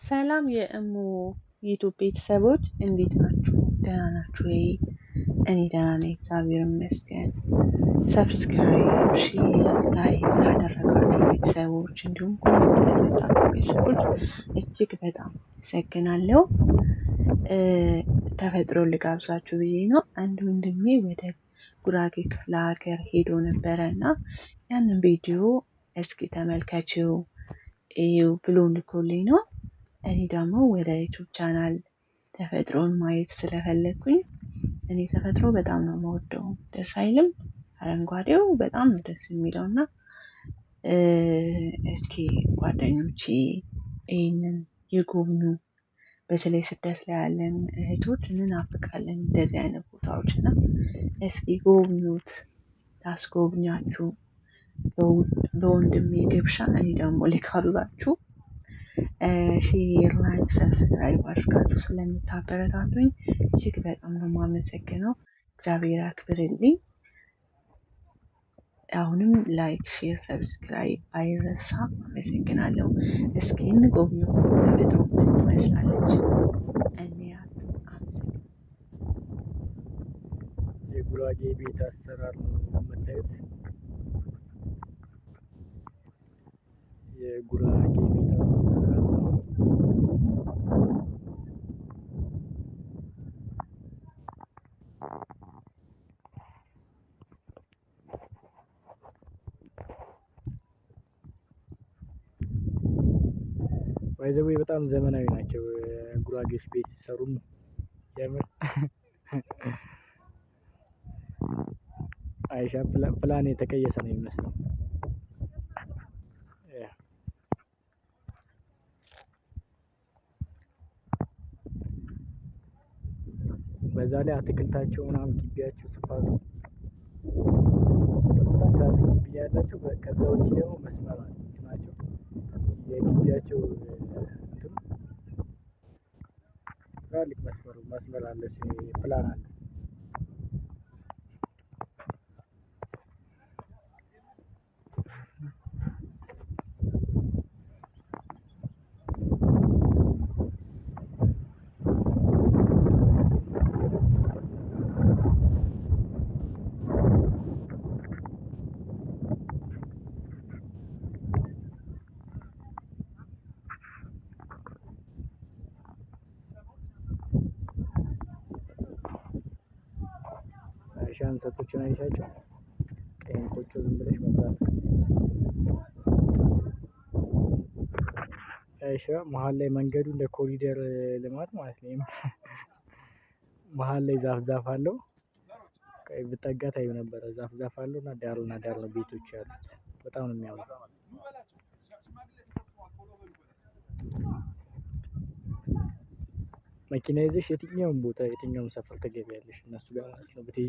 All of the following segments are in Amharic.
ሰላም የእሙ የኢትዮጵያ ቤተሰቦች እንዴት ናችሁ? ደህና ናችሁ እኔ ደህና ነኝ፣ እግዚአብሔር ይመስገን። ሰብስክራይብ፣ ሼር፣ ላይክ ላደረጋችሁ ቤተሰቦች እንዲሁም ኮሜንት ለሰጣችሁ ቤተሰቦች እጅግ በጣም አመሰግናለሁ። ተፈጥሮ ልጋብዛችሁ ብዬ ነው። አንድ ወንድሜ ወደ ጉራጌ ክፍለ ሀገር ሄዶ ነበረ እና ያንን ቪዲዮ እስኪ ተመልከችው ብሎ ልኮልኝ ነው እኔ ደግሞ ወደ ዩቱብ ቻናል ተፈጥሮን ማየት ስለፈለግኩኝ እኔ ተፈጥሮ በጣም ነው የምወደው። ደስ አይልም? አረንጓዴው በጣም ነው ደስ የሚለው እና እስኪ ጓደኞቼ ይህንን ይጎብኙ። በተለይ ስደት ላይ ያለን እህቶች እንናፍቃለን እንደዚህ አይነት ቦታዎች እና እስኪ ጎብኙት፣ ላስጎብኛችሁ በወንድሜ ግብዣ እኔ ደግሞ ልጋብዛችሁ። ሼር፣ ላይክ፣ ሰብስክራይብ አድርጋችሁ ስለምታበረታቱኝ እጅግ በጣም ነው የማመሰግነው። እግዚአብሔር አክብርልኝ። አሁንም ላይክ፣ ሼር፣ ሰብስክራይብ አይረሳ። አመሰግናለሁ። እስኪ እንጎብኘው። ተፈጥሮ ምን ትመስላለች? እንያት። የጉራጌ ቤት አሰራር ነው የምታዩት የጉራጌ ባይዘዌ በጣም ዘመናዊ ናቸው ጉራጌዎች ቤት ሲሰሩም የምር አይሻ ፕላን የተቀየሰ ነው የሚመስለው። በዛ ላይ አትክልታቸው ምናምን ግቢያቸው ስፋቱ ያላቸው ከዛ ውጭ ደግሞ መስመር አለ። የግቢያቸው ትልቅ መስመር መስመር አለች ፕላን አለ ያን እንሰቶችን አይሻቸው። ይህን ቆጮ ዝም ብለሽ መብላት አይሻ። መሀል ላይ መንገዱ እንደ ኮሪደር ልማት ማለት ነው። መሀል ላይ ዛፍ ዛፍ አለው። ቀይ ብጠጋ ታዩ ነበረ። ዛፍ ዛፍ አለው እና ዳርና ዳር ነው ቤቶች ያሉት። በጣም ነው የሚያምሩ። መኪና ይዘሽ የትኛውም ቦታ የትኛውም ሰፈር ትገቢያለሽ። እነሱ ጋር ማለት ነው ብትሄጂ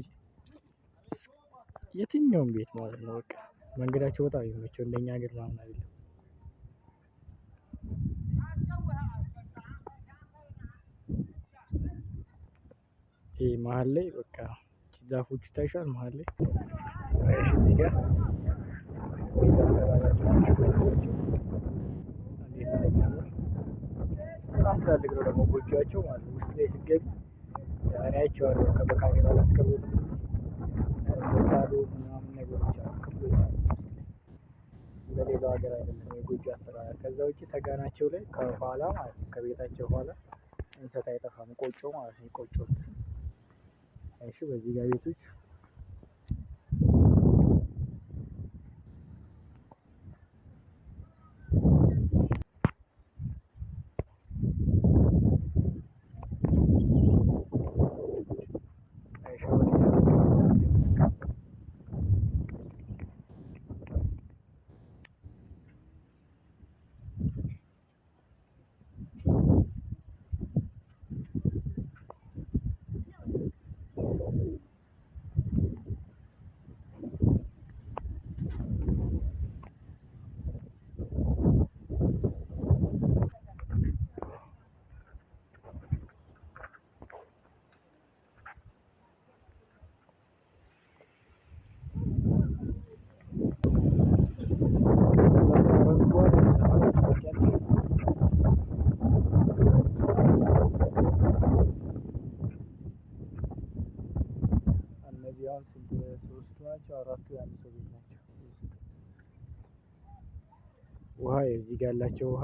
የትኛውም ቤት ማለት ነው። በቃ መንገዳቸው በጣም ይመቸው እንደኛ ሀገር ምናምን አይደለም። ይሄ መሀል ላይ በቃ ዛፎቹ ይታይሻል መሀል ላይ በጣም ትላልቅ ነው ደግሞ ጎጆአቸው ማለት ውስጥ ላይ ሲገቢ ያያቸዋለሁ ከበካሜራ ላስቀምጥ መሳሌ ምናምን ነገሮች አሉ ክፍሎች አሉ። በሌላው ሀገር አይደለም የጎጆ አሰራር። ከዛ ውጭ ተጋናቸው ላይ ከኋላ ማለት ነው ከቤታቸው ኋላ እንሰት አይጠፋም ቆጮ ማለት ነው። ቆጮ እሺ፣ በዚህ ጋር ቤቶች ቤተሰብ የላቸውም ውሃ የዚህ ጋር ያላቸው ውሃ